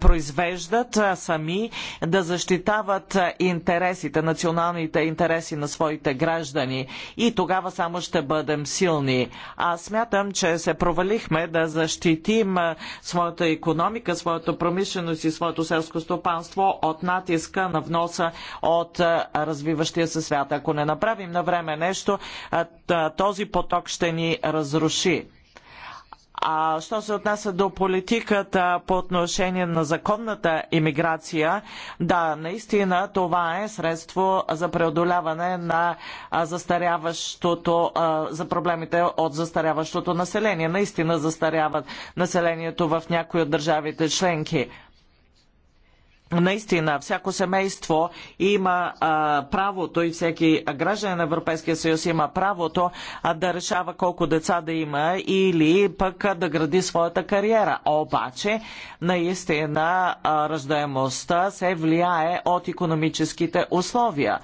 C: произвеждат сами, да защитават интересите, националните интереси на своите граждани и тогава само ще бъдем силни. А смятам, че се провалихме да защитим своята економика, своята промишленост и своето селско стопанство от натиска на вноса от развиващия се свят. Ако не направим на време нещо, този поток ще ни разруши. А що се отнася до политиката по отношение на законната имиграция, да, наистина това е средство за преодоляване на застаряващото, за проблемите от застаряващото население. Наистина застаряват населението в някои от държавите членки наистина всяко семейство има а, правото и всеки гражданин на Европейския съюз има правото а, да решава колко деца да има или пък а, да гради своята кариера. Обаче, наистина а, се влияе от економическите условия.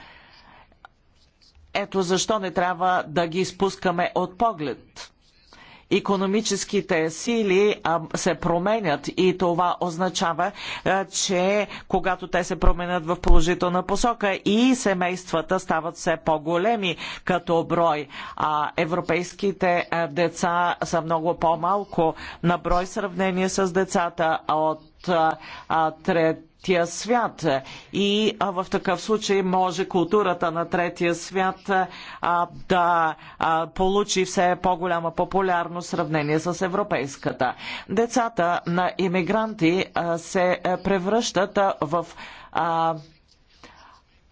C: Ето защо не трябва да ги изпускаме от поглед економическите сили се променят и това означава, че когато те се променят в положителна посока и семействата стават все по-големи като брой, а европейските деца са много по-малко на брой в сравнение с децата от трет третия свят. И а, в такъв случай може културата на третия свят а, да а, получи все по-голяма популярност в сравнение с европейската. Децата на иммигранти а, се превръщат а, в а,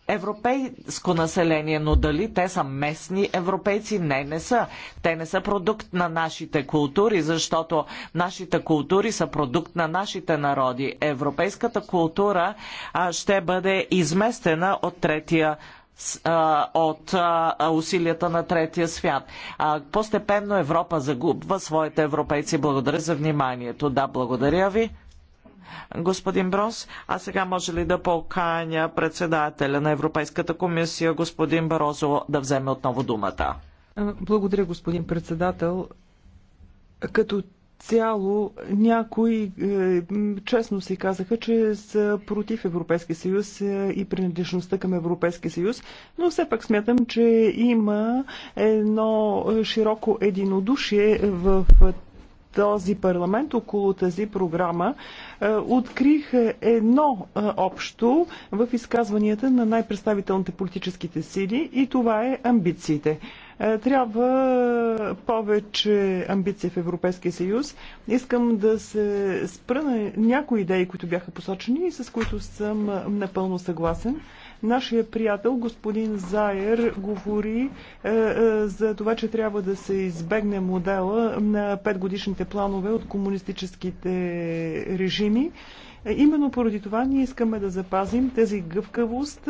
C: европейско население, но дали те са местни европейци? Не, не са. Те не са продукт на нашите култури, защото нашите култури са продукт на нашите народи. Европейската култура а, ще бъде изместена от третия от усилията на третия свят. Постепенно Европа загубва своите европейци. Благодаря за вниманието. Да, благодаря ви господин Брос. А сега може ли да поканя председателя на Европейската комисия, господин Барозо, да вземе отново думата?
B: Благодаря, господин председател. Като цяло някои е, честно си казаха, че са против Европейския съюз е, и принадлежността към Европейския съюз, но все пак смятам, че има едно широко единодушие в този парламент около тази програма, е, открих едно е, общо в изказванията на най-представителните политическите сили и това е амбициите е, трябва повече амбиции в Европейския съюз. Искам да се спра на някои идеи, които бяха посочени и с които съм напълно съгласен. Нашия приятел, господин Заер, говори е, е, за това, че трябва да се избегне модела на петгодишните планове от комунистическите режими. Е, именно поради това ние искаме да запазим тази гъвкавост,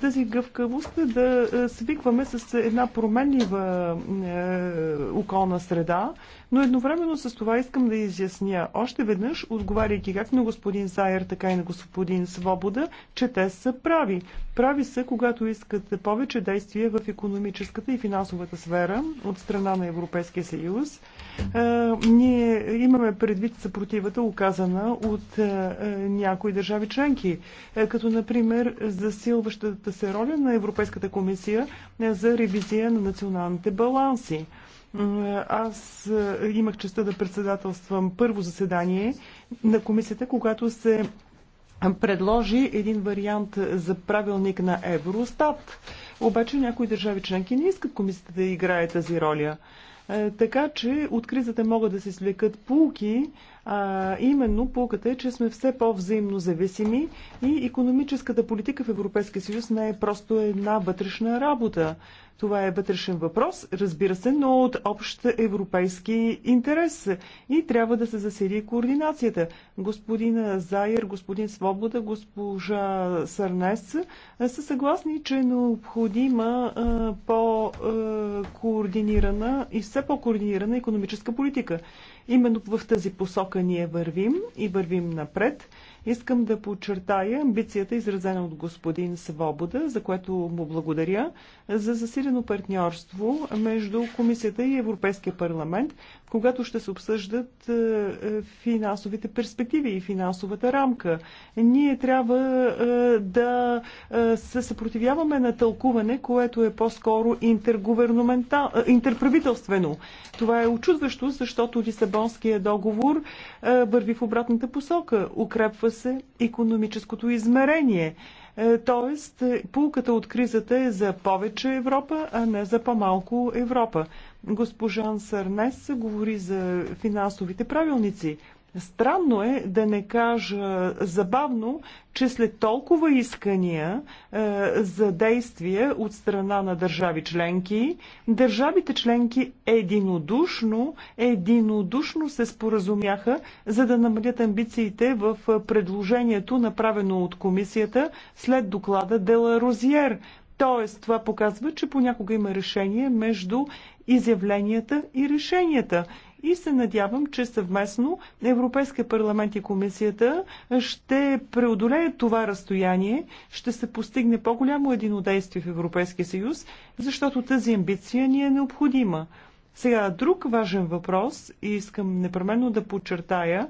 B: тази гъвкавост е да е, свикваме с една променлива е, околна среда, но едновременно с това искам да изясня още веднъж, отговаряйки как на господин Зайер, така и на господин Свобода, че те са прави. Прави са, когато искат повече действия в економическата и финансовата сфера от страна на Европейския съюз. Е, ние имаме предвид съпротивата, оказана от някои държави членки, като например засилващата засилващата се роля на Европейската комисия е, за ревизия на националните баланси. Аз е, имах честа да председателствам първо заседание на комисията, когато се предложи един вариант за правилник на Евростат. Обаче някои държави членки не искат комисията да играе тази роля. Е, така че от кризата могат да се свлекат полки, а именно полката е, че сме все по-взаимно зависими и економическата политика в Европейския съюз не е просто една вътрешна работа. Това е вътрешен въпрос, разбира се, но от общ европейски интерес. И трябва да се засили координацията. Господин Заер, господин Свобода, госпожа Сърнес са съгласни, че е необходима по-координирана и все по-координирана економическа политика. Именно в тази посока ние вървим и вървим напред. Искам да подчертая амбицията, изразена от господин Свобода, за което му благодаря, за засилено партньорство между Комисията и Европейския парламент, когато ще се обсъждат е, е, финансовите перспективи и финансовата рамка. Ние трябва е, да се съпротивяваме на тълкуване, което е по-скоро интерправителствено. Това е очудващо, защото Лисабонския договор върви в обратната посока. Укрепва се економическото измерение. Е, тоест, пулката от кризата е за повече Европа, а не за по-малко Европа. Госпожан Сърнес говори за финансовите правилници. Странно е да не кажа забавно, че след толкова искания е, за действия от страна на държави членки, държавите членки единодушно, единодушно се споразумяха, за да намалят амбициите в предложението, направено от комисията след доклада Дела Розиер. Тоест, това показва, че понякога има решение между изявленията и решенията и се надявам, че съвместно Европейския парламент и комисията ще преодолеят това разстояние, ще се постигне по-голямо единодействие в Европейския съюз, защото тази амбиция ни е необходима. Сега, друг важен въпрос, и искам непременно да подчертая,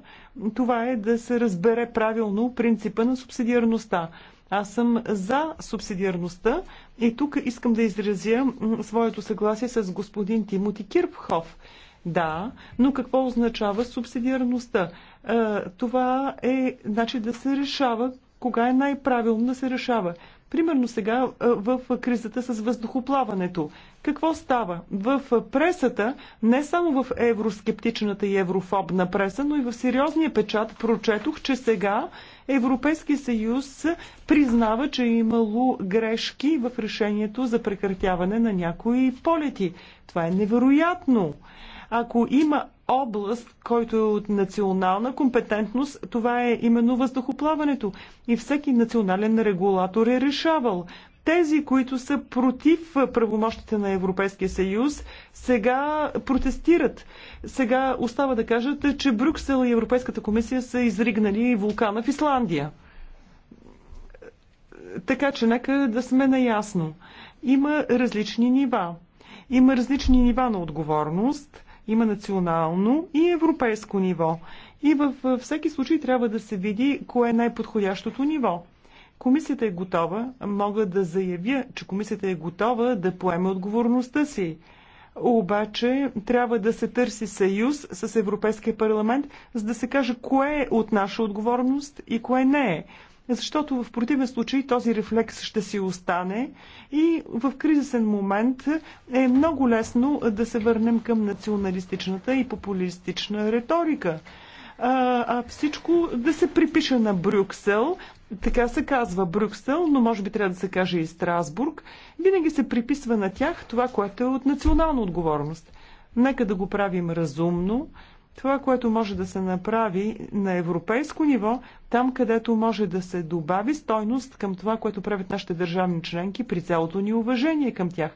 B: това е да се разбере правилно принципа на субсидиарността. Аз съм за субсидиарността и тук искам да изразя своето съгласие с господин Тимоти Кирпхов – да, но какво означава субсидиарността? Е, това е значи да се решава кога е най-правилно да се решава. Примерно сега е, в кризата с въздухоплаването. Какво става? В пресата, не само в евроскептичната и еврофобна преса, но и в сериозния печат прочетох, че сега Европейски съюз признава, че е имало грешки в решението за прекратяване на някои полети. Това е невероятно. Ако има област, който е от национална компетентност, това е именно въздухоплаването. И всеки национален регулатор е решавал. Тези, които са против правомощите на Европейския съюз, сега протестират. Сега остава да кажат, че Брюксел и Европейската комисия са изригнали вулкана в Исландия. Така че нека да сме наясно. Има различни нива. Има различни нива на отговорност има национално и европейско ниво. И във всеки случай трябва да се види кое е най-подходящото ниво. Комисията е готова, мога да заявя, че комисията е готова да поеме отговорността си. Обаче трябва да се търси съюз с Европейския парламент, за да се каже кое е от наша отговорност и кое не е защото в противен случай този рефлекс ще си остане и в кризисен момент е много лесно да се върнем към националистичната и популистична риторика. А, а всичко да се припише на Брюксел, така се казва Брюксел, но може би трябва да се каже и Страсбург, винаги се приписва на тях това, което е от национална отговорност. Нека да го правим разумно, това, което може да се направи на европейско ниво, там където може да се добави стойност към това, което правят нашите държавни членки при цялото ни уважение към тях.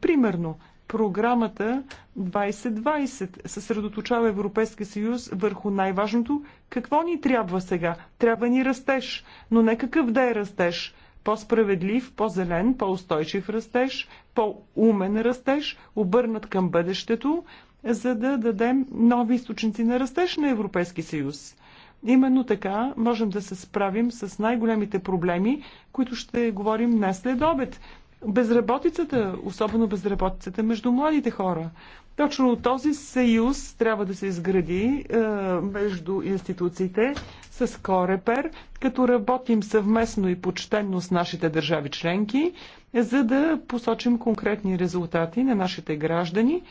B: Примерно, програмата 2020 съсредоточава Европейски съюз върху най-важното. Какво ни трябва сега? Трябва ни растеж, но не какъв да е растеж по-справедлив, по-зелен, по-устойчив растеж, по-умен растеж, обърнат към бъдещето, за да дадем нови източници на растеж на Европейски съюз. Именно така можем да се справим с най-големите проблеми, които ще говорим днес след обед. Безработицата, особено безработицата между младите хора. Точно този съюз трябва да се изгради е, между институциите с Корепер, като работим съвместно и почтенно с нашите държави членки, за да посочим конкретни резултати на нашите граждани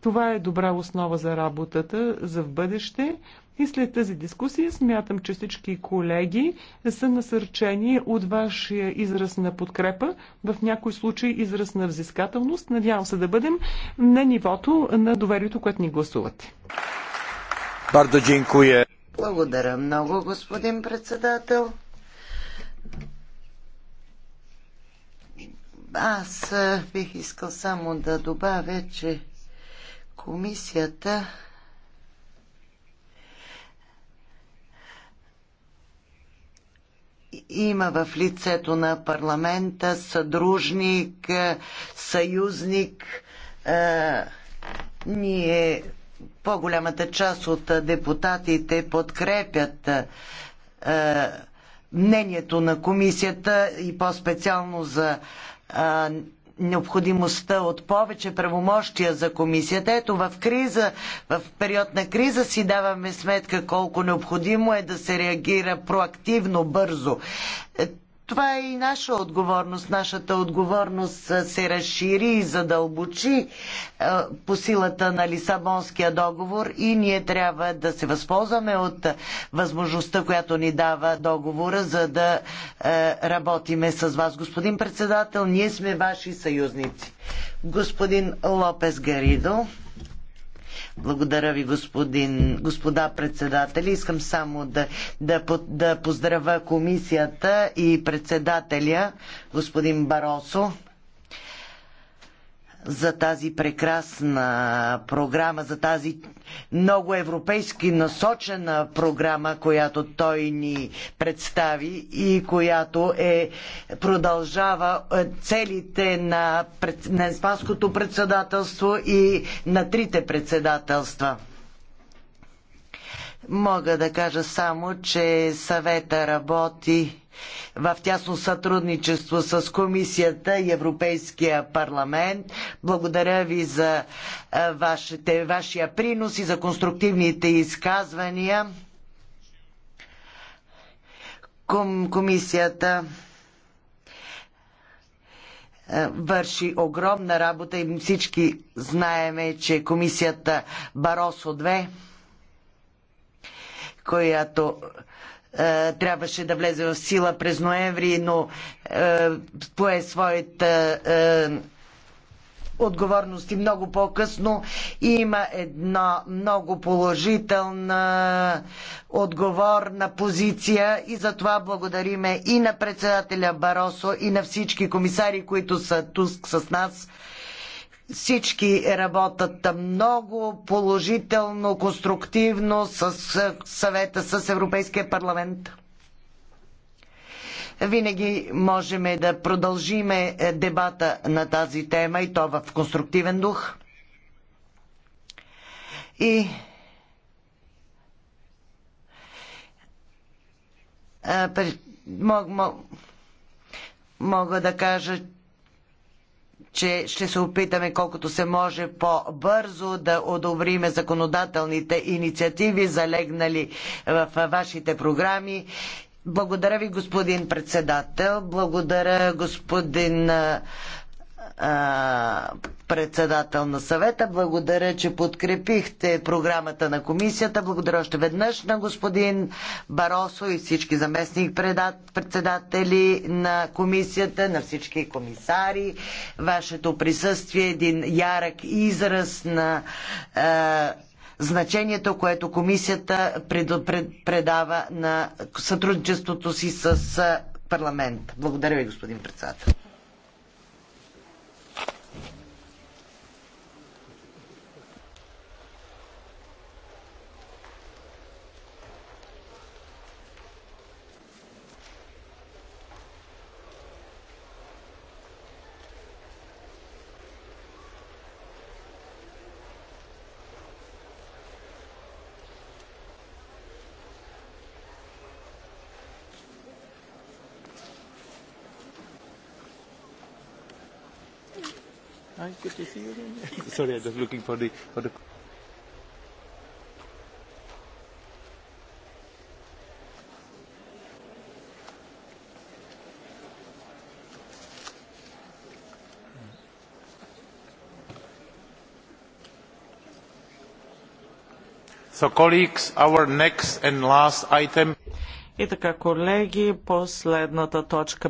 B: това е добра основа за работата за в бъдеще. И след тази дискусия смятам, че всички колеги са насърчени от вашия израз на подкрепа, в някой случай израз на взискателност. Надявам се да бъдем на нивото на доверието, което ни гласувате. Бардо дзинкуе. Благодаря
A: много, господин председател. Аз бих искал само да добавя, че Комисията има в лицето на парламента съдружник, съюзник. Е, ние, по-голямата част от депутатите подкрепят е, мнението на комисията и по-специално за е, необходимостта от повече правомощия за комисията. Ето в криза, в период на криза си даваме сметка колко необходимо е да се реагира проактивно, бързо. Това е и наша отговорност. Нашата отговорност се разшири и задълбочи е, по силата на Лисабонския договор и ние трябва да се възползваме от възможността, която ни дава договора, за да е, работиме с вас. Господин председател, ние сме ваши съюзници. Господин Лопес Гаридо. Благодаря ви, господин, господа председатели. Искам само да, да, да поздравя комисията и председателя, господин Баросо за тази прекрасна програма, за тази много европейски насочена програма, която той ни представи и която е, продължава е, целите на, на Испанското председателство и на трите председателства. Мога да кажа само, че съвета работи в тясно сътрудничество с Комисията и Европейския парламент. Благодаря ви за вашите, вашия принос и за конструктивните изказвания. Ком, комисията върши огромна работа и всички знаеме, че комисията Баросо 2, която е, трябваше да влезе в сила през ноември, но е, пое своята е, отговорности много по-късно. Има една много положителна отговорна позиция и за това благодариме и на председателя Баросо и на всички комисари, които са тук с нас всички работят много положително, конструктивно с съвета, с Европейския парламент. Винаги можем да продължиме дебата на тази тема и то в конструктивен дух. И мога да кажа, че ще се опитаме колкото се може по-бързо да одобриме законодателните инициативи, залегнали в вашите програми. Благодаря ви, господин председател. Благодаря, господин председател на съвета. Благодаря, че подкрепихте програмата на комисията. Благодаря още веднъж на господин Баросо и всички заместник председатели на комисията, на всички комисари. Вашето присъствие е един ярък израз на а, значението, което комисията предава на сътрудничеството си с парламент. Благодаря ви, господин председател.
B: sorry, I'm just looking for the, for the
C: So, colleagues, our next and last item. И така, колеги, последната точка